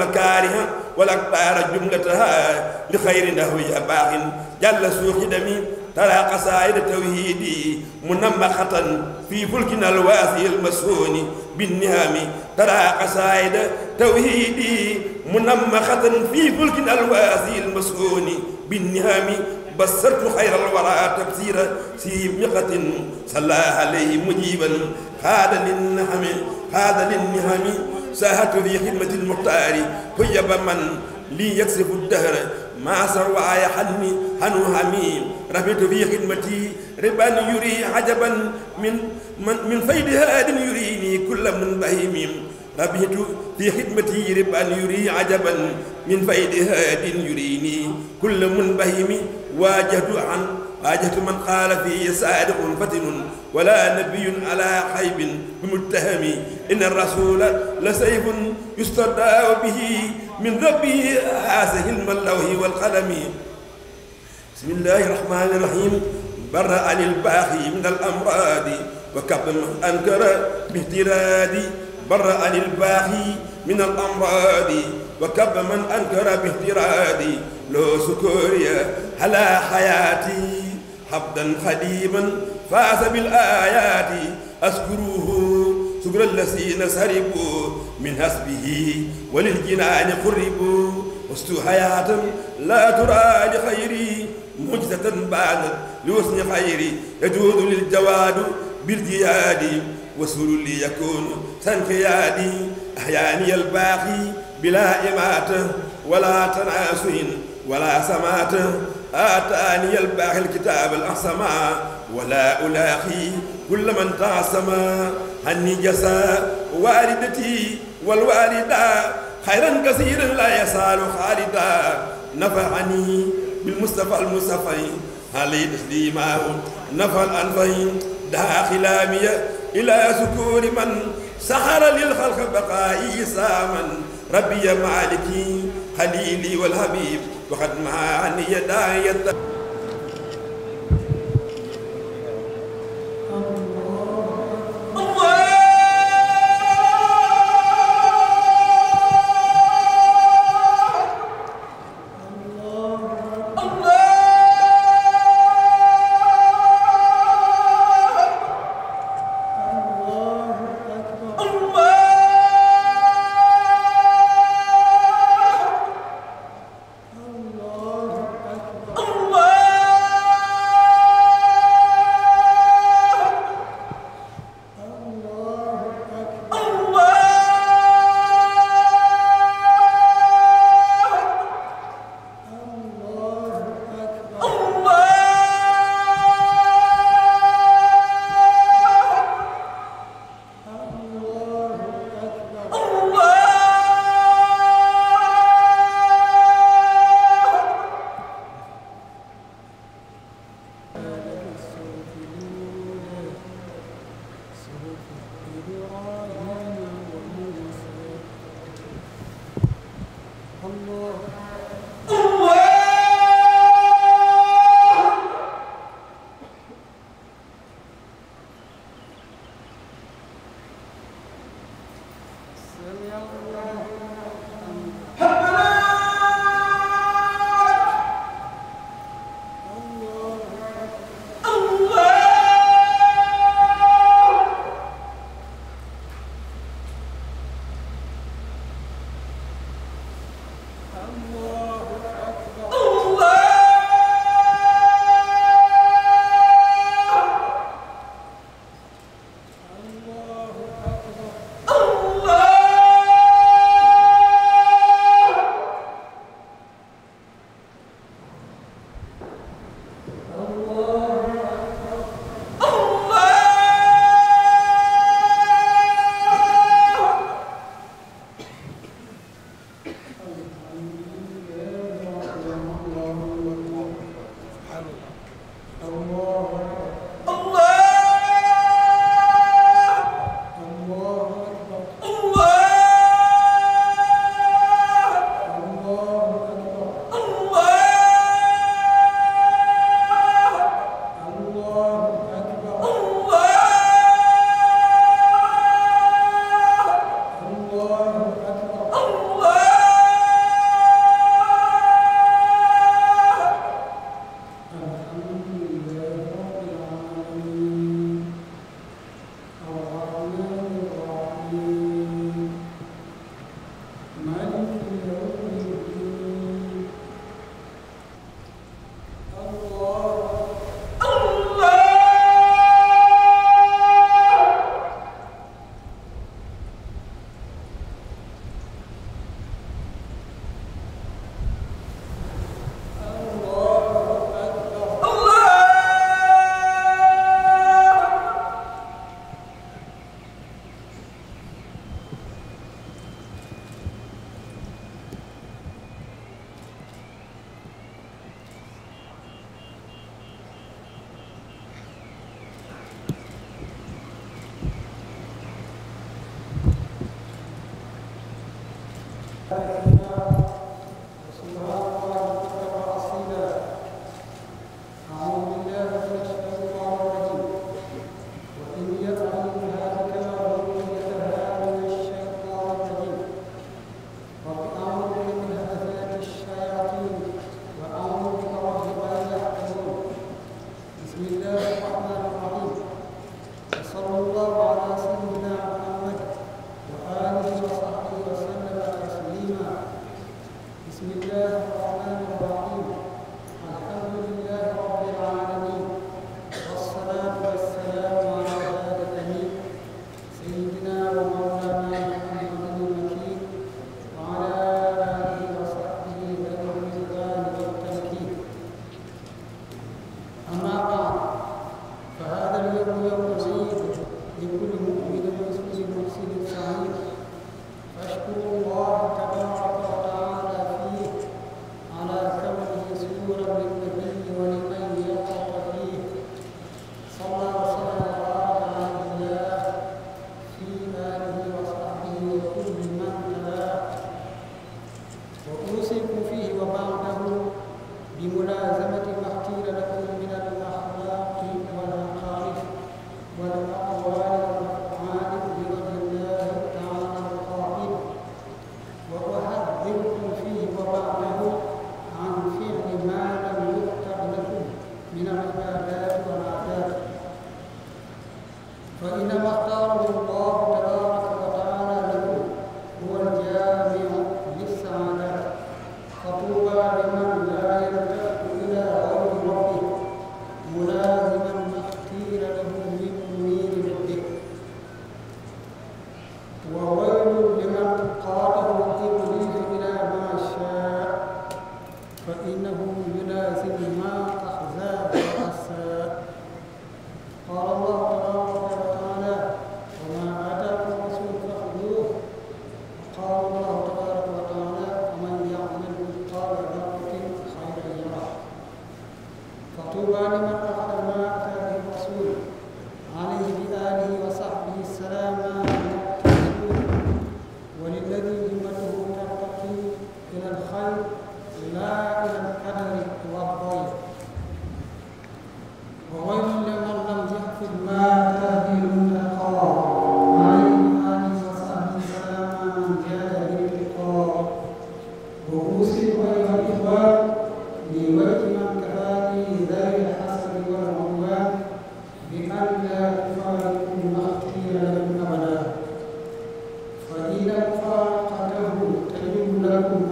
المكاره والأكبار جملتها لخير نهوي باغ جل سوق دمي ترى قصائد توحيدي منمقة في فلكنا الواسي المسهون بالنهام ترى قصائد توحيدي منمقة في فلكنا الواسي المسهون بالنهام بصرت خير الورى تبصيرا سيبقة صلى عليه مجيبا هذا للنهم هذا للنهم ساهدت في خدمة المختار طيب من لي يكسف الدهر ما سواي حني حنو حميم رفعت في خدمتي ربان يري عجبا من من, من فيد هاد يريني كل من بهيم ربيت في خدمتي ربا يري عجبا من فيد هاد يريني كل من بهيم واجهت عن حاجة من قال فيه صادق فتن ولا نبي على خيب بمتهم إن الرسول لسيف يستدعى به من ربه آسه الملوه والقلم بسم الله الرحمن الرحيم برأ عن الباخي من الأمراض وكف أنكر باهتراد برأ عن الباخي من الأمراض وكف من أنكر باهتراد لو سكوريا على حياتي abdan xadiman faasa bil ayaati askuruhu sukura lasina saribu min hasbihi walil jinaani xurribu wastu xayaatan laa turaa li xayri mujsatan baada li wasni xayri yajuudu lil jawaadu bil jiyaadi wasulu li yakuunu sanqiyaadi axyaani albaaqi bilaa imaata wala tanaasuhin wala samaata آتاني الباقي الكتاب الأحسما ولا ألاقي كل من تعصما هني جزاء والدتي والوالدة خيرا كثيرا لا يسال خالدا نفعني بالمصطفى المصطفى علي تسليمه نفع الأنفين داخل مية إلى سكور من سحر للخلق بقائي ساما ربي مالكي الخليل والحبيب وقد معاني داية Thank you. بسم الله الرحمن الرحيم الحمد لله رب العالمين لكم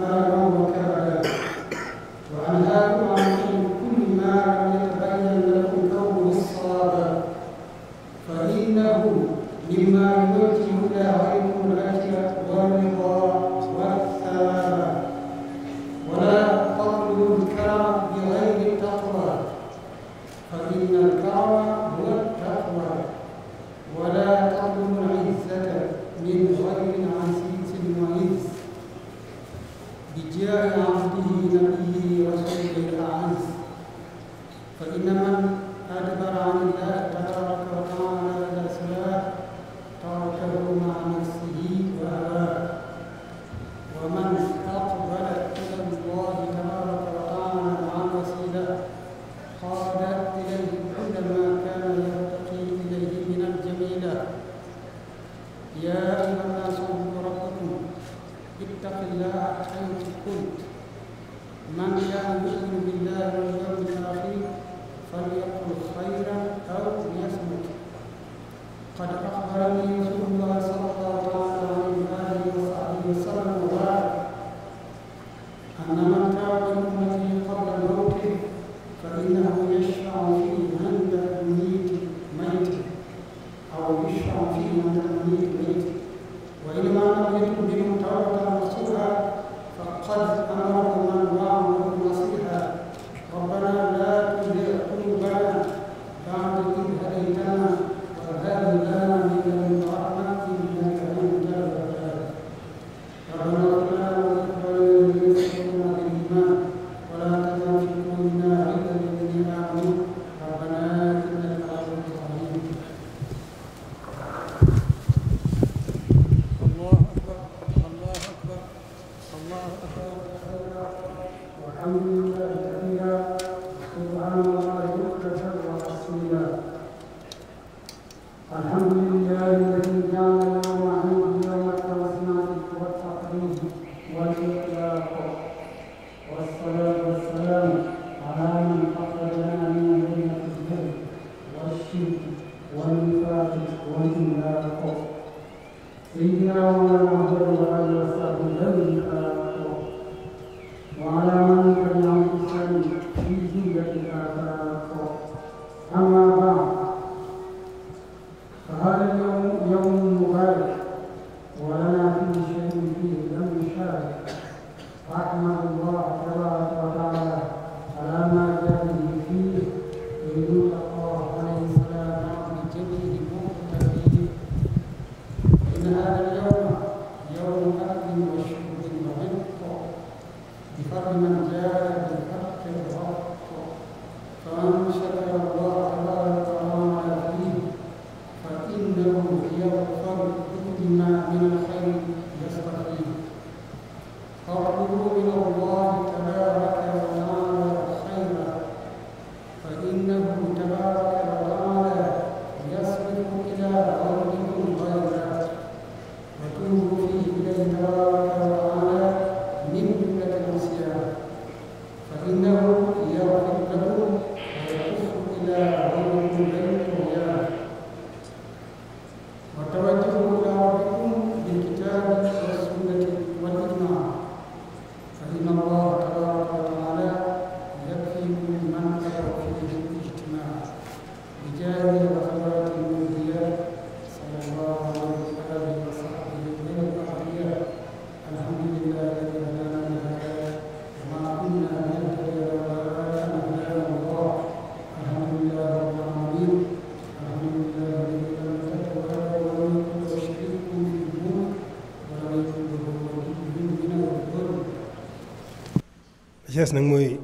jees nag mooy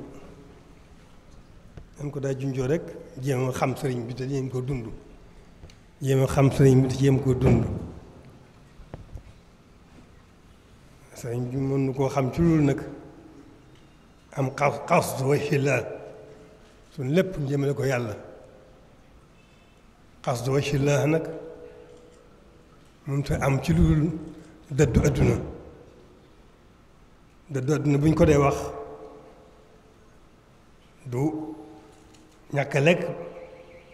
dañ ko daa junjoo rek jéem xam sëriñ bi te jéem koo dund jéem xam sëriñ bi te jéem koo dund sëriñ bi mën nu koo xam ci loolu nag am xas xas wajhi laa suñ lépp jëmale ko yàlla xas wajhi laa nag moom te am ci loolu dëddu adduna dëddu adduna bu ñu ko dee wax du ñàkk a lekk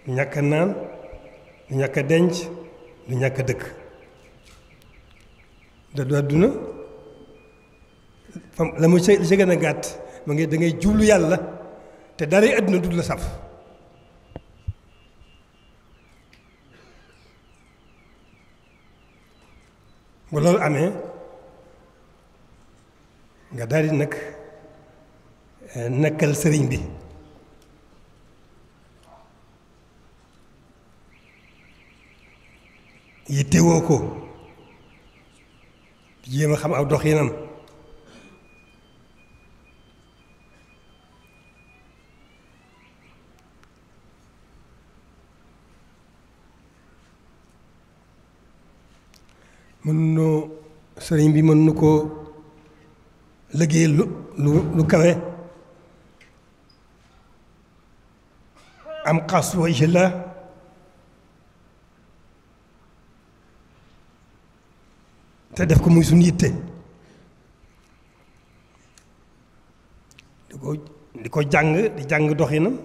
du ñàkk naan du ñàkk denc du ñàkk dëkk da du àdduna fam la mu li si gën a gàtt ma ngi da ngay jublu yàlla te dara àdduna du la saf bu loolu amee nga daal di nag eh, nekkal sëriñ bi yittewoo ko di jéem a xam aw doxinam mën noo sëriñ bi mën nu koo liggéey lu lu am xas wa la te def ko muy suñu yitte di ko di ko jàng di jàng doxinam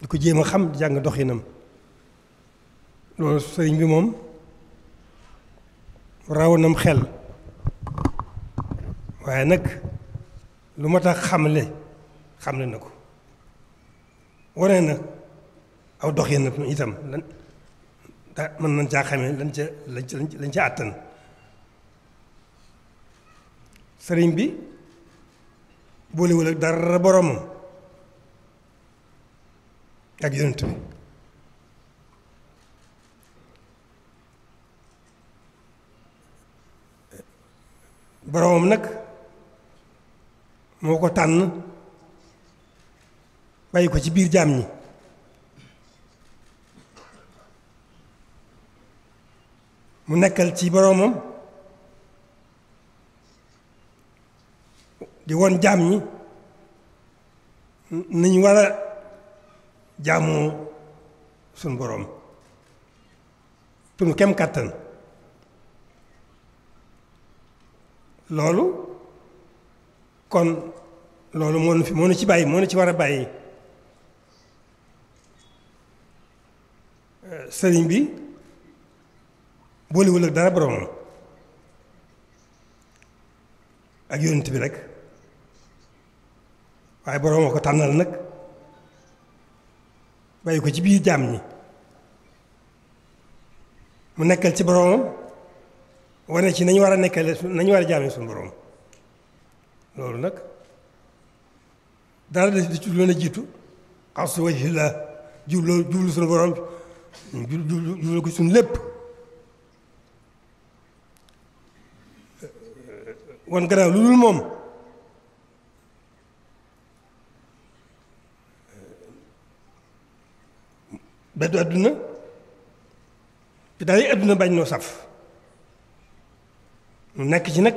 di ko jéem a xam di jàng doxinam loolu sëriñ bi moom raw nam xel waaye nag lu ma tax xamle xamle na ko wane na aw doxinam itam lan da mën nañ caa xamee lan ca lañ ca lañ ca àttan sëriñ bi boolewul ak dara boromam ak yonent bi boromam nag moo ko tànn bàyyi ko ci biir jaam ñi mu nekkal ci boromam di woon jaam ñi nañ war a jaamoo suñ boroom suñ kem kàttan loolu kon loolu moo nu fi moo nu ci bàyyi moo nu ci war a bàyyi sëriñ bi boolewul ak dara boroomam ak yonent bi rek waaye borooma ko tànnal nag bàyyi ko ci biir jaam ñi mu nekkal ci boroomam wane ci nañu war a nekkale nañu war a jaamee suñu boroom loolu nag dara da ci loon a jiitu xasu wajhillah jublu jublu suñu boroom jublu ko suñu lépp wan gannaaw lu dul moom ba du àdduna bi daal yi saf mu nekk ci nag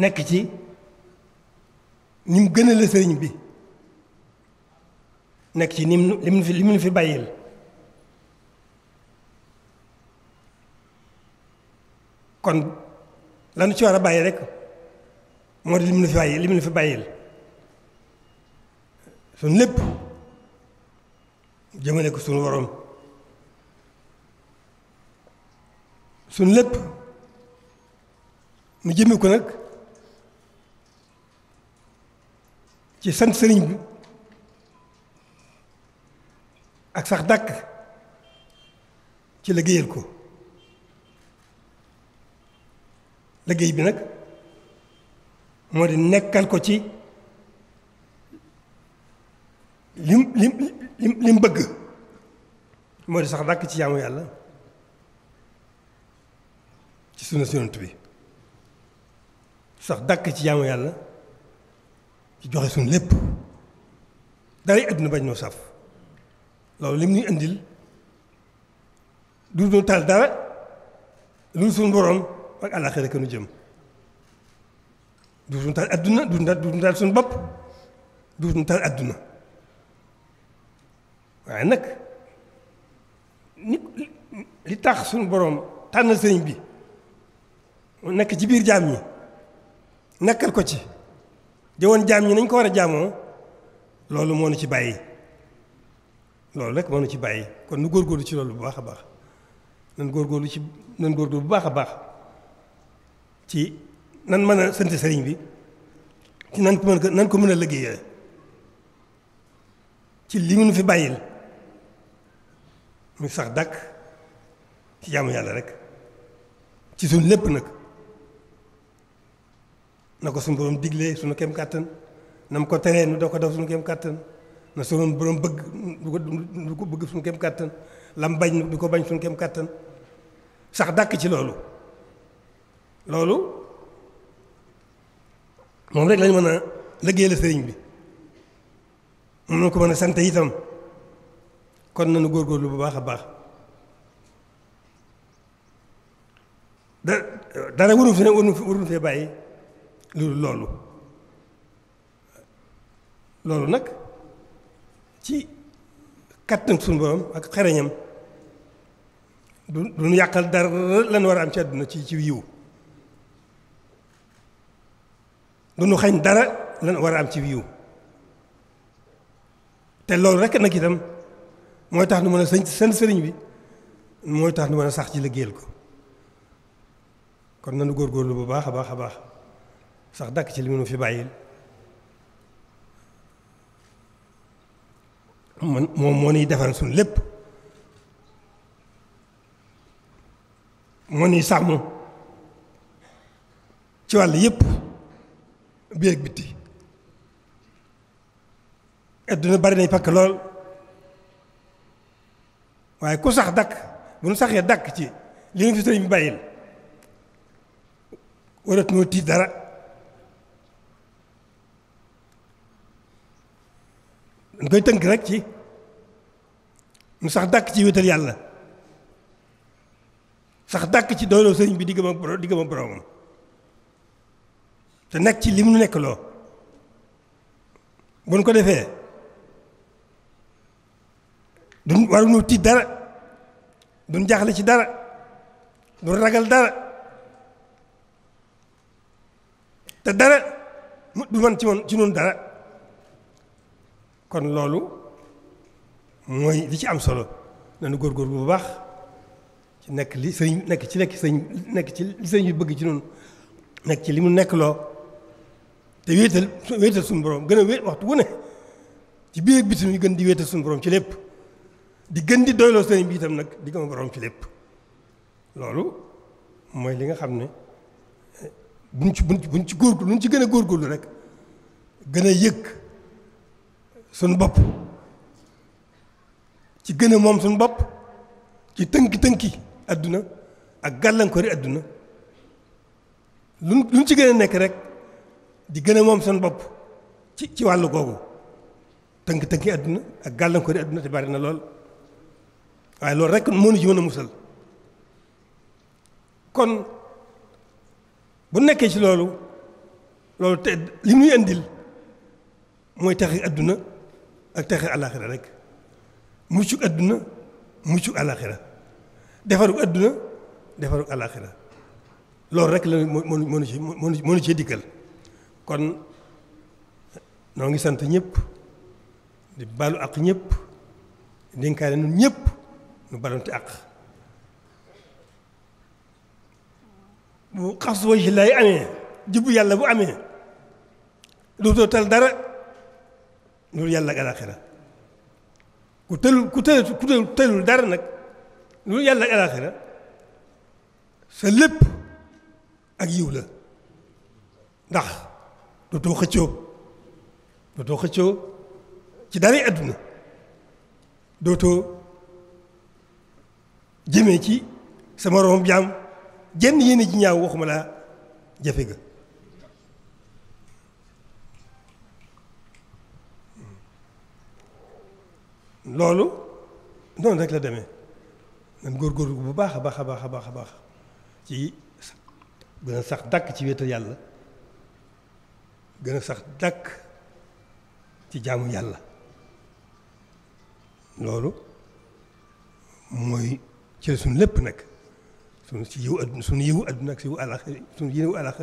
nekk ci ni mu gën a sëriñ bi nekk ci nim lim fi lim nu fi bàyyil kon lanu ci war a bàyyi rek moo di lim nu fi bàyyi lim nu fi bàyyil suñ lépp ko suñu borom suñ lépp mu jëme ko nag ci sant sëriñ bi ak sax dàkk ci liggéeyal ko liggéey bi nag moo di nekkal ko ci lim lim lim bëgg moo di sax dàkk ci jaamu yàlla ci sunna Yonent bi sax dàkk ci jaamu yàlla joxe suñ lépp daray àdduna bañ noo saf loolu li ñuy indil du ñu taal dara lu suñ boroom ak àllaaxira ka nu jëm du ñu taal àdduna du ñu taal suñ bopp du ñu taal àdduna waaye nag nit li tax suñu boroom tànnal sëriñ bi mu nekk ci biir jaam ñi nekkal ko ci jëwoon jaam ñi nañ ko war a jaamoo loolu moo nu ci bàyyi loolu rek moo nu ci bàyyi kon nu góorgóorlu ci loolu bu baax a baax nan góorgóorlu ci nan góor bu baax a baax ci nan mën a sant sëriñ bi ci nan ko mën nan ko mën a liggéeyee ci li mu nu fi bàyyil muy sax dàkk ci jaamu yàlla rek ci suñ lépp nag na ko suñu borom digle suñu kem kàttan na mu ko teree nu doo ko def suñu kem kàttan na suñu borom bëgg du ko bëgg suñu kem kàttan lam bañ du ko bañ suñu kem kàttan sax dàkk ci loolu loolu moom rek lañ mën a liggéeyal sëriñ bi mën na ko mën a sant itam kon nañu góorgóorlu bu baax a baax da dara waru fi ne waru fee bàyyi loolu loolu nag ci kattan suñu borom ak xereñam du duñu yàqal dara lan war a am ci àdduna ci ci yiw nu xañ dara lan war a am ci yiw te loolu rekk nag itam mooy tax nu mën a sëñ seen sëriñ bi mooy tax nu mën a sax ci liggéeyal ko kon nanu góorgóorlu bu baax a baax a baax sax dàkk ci li mënu fi bàyyil man moom moo niy defar suñ lépp moo niy sàmm ci wàll yëpp biir ak bitti adduna bari nay pàkk lool waaye ku sax dakk bu nu saxee dakk ci li nga fi sëriñ bàyyil warat noo tiit dara dañ koy tënk rek ci nu sax dakk ci wéetal yàlla sax dàkk ci doyloo sëriñ bi diggam ak borom te nekk ci li mu nekk loo bu nu ko defee duñ waruñu tiit dara duñ jaaxle ci dara duñ ragal dara te dara du man ci woon ci noonu dara kon loolu mooy li ci am solo nañu góorgóorlu bu baax ci nekk li sëñ nekk ci nekk sëñ nekk ci li sëñ bi bëgg ci noonu nekk ci li mu nekk loo te wéetal wéetal suñu gën a wéet waxtu wu ne ci biir bitim yi gën di wéetal suñu borom ci lépp di gën di doyloo sëriñ bi itam nag di gëm borom ci lépp loolu mooy li nga xam ne buñ ci buñ ci buñ ci góorgóorlu luñ ci gën a góor góorgóorlu rek gën a yëg suñu bopp ci gën a moom suñu bopp ci tënki-tënki àdduna ak gàllankoori àdduna luñ luñ ci gën a nekk rek di gën a moom suñu bopp ci ci wàllu googu tënk-tënki àdduna ak gàllankoori àdduna te bari na lool waaye loolu rek moo ji ci mën a musal kon bu nekkee ci loolu loolu te li muy indil mooy taxi àdduna ak taxi àllaaxira rek muccu àdduna muccu àllaaxira defaru àdduna defaru àllaaxira loolu rek la moo moo ci moo ñu ci dikkal kon noo ngi sant ñëpp di baalu ak ñëpp dénkaane ñun ñëpp nu balonte àq bu xas wajhi laay amee jubbu yàlla bu ame dootoo tal dara loolu yàlla ak alaaxira ku tëlul ku tëlul ku tëlul dara nag loolu yàlla ak alaaxira sa lépp ak yiw la ndax dootoo xëccoo dootoo xëccoo ci dara adduna dootoo jëmee ci sama romam jaam jenn yéene ji ñaaw waxuma laa jafe ga loolu doon rek la demee man góorgóorlu bu baax a baax a baax a baax a baax ci gën a sax dàkk ci wéetal yàlla gën a sax dàkk ci jaamu yàlla loolu mooy ci suñ lépp nag suñ si yiw adduna suñ yiw adduna ak si yiw alax yiw alax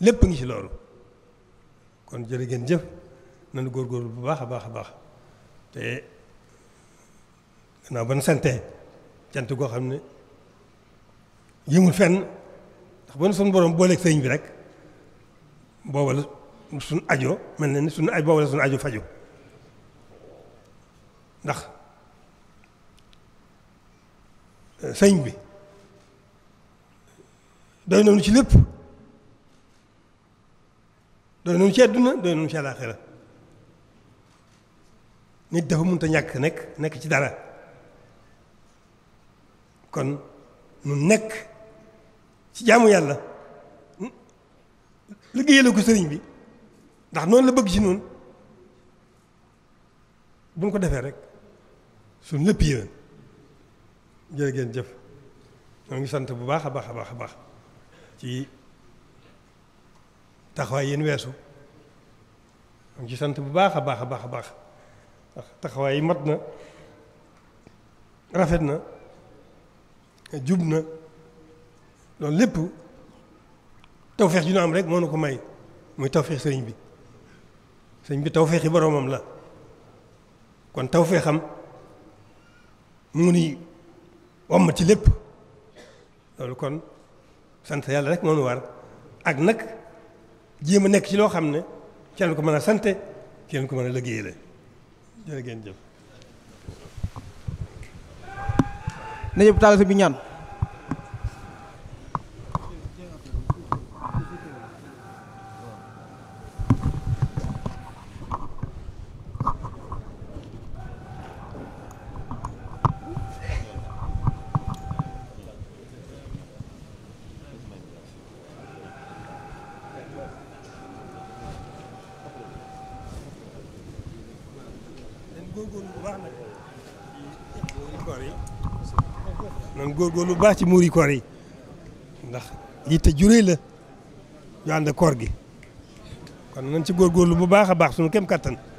lépp ngi ci loolu kon jërë ngeen jëf góor góor bu baax a baax a baax te gannaaw ba nu santee goo xam ne yëmul fenn ndax ban nu suñ borom bi rek booba la ajo mel na ni suñ aj booba la ajo fajo ndax sëñ bi doy nañu ci lépp doy nañu ci àdduna doy nañu ci àllaaxira nit dafa mënut a ñàkk nekk nekk ci dara kon nu nekk ci jaamu yàlla liggéeyale ko sëriñ bi ndax noonu la bëgg ci noonu bu ko defee rek suñu lépp yéwén jërë ngeen jëf ñoo ngi sant bu baax a baax a baax a baax ci taxawaay yéen weesu ñoo sant bu baax a baax a baax a baax taxawaay yi mat na rafet na jub na loolu lépp tawfeex ju ñu am rek moo nu ko may muy tawfeex sëriñ bi sëriñ bi tawfeexi boroomam la kon tawfeexam mu ni wamma ci lépp loolu kon sant yàlla rek moonu war ak nag jéem ma nekk ci loo xam ne ci leen ko mën a sante ci leen ko mën a liggéeyale jërë ngeen jëf na bi ñaan góorgóorlu bu baax nag baax ci muuri koor yi ndax yitte juréy la ñu koor gi kon nan ci góorgóorlu bu baax a baax suñu kem kattan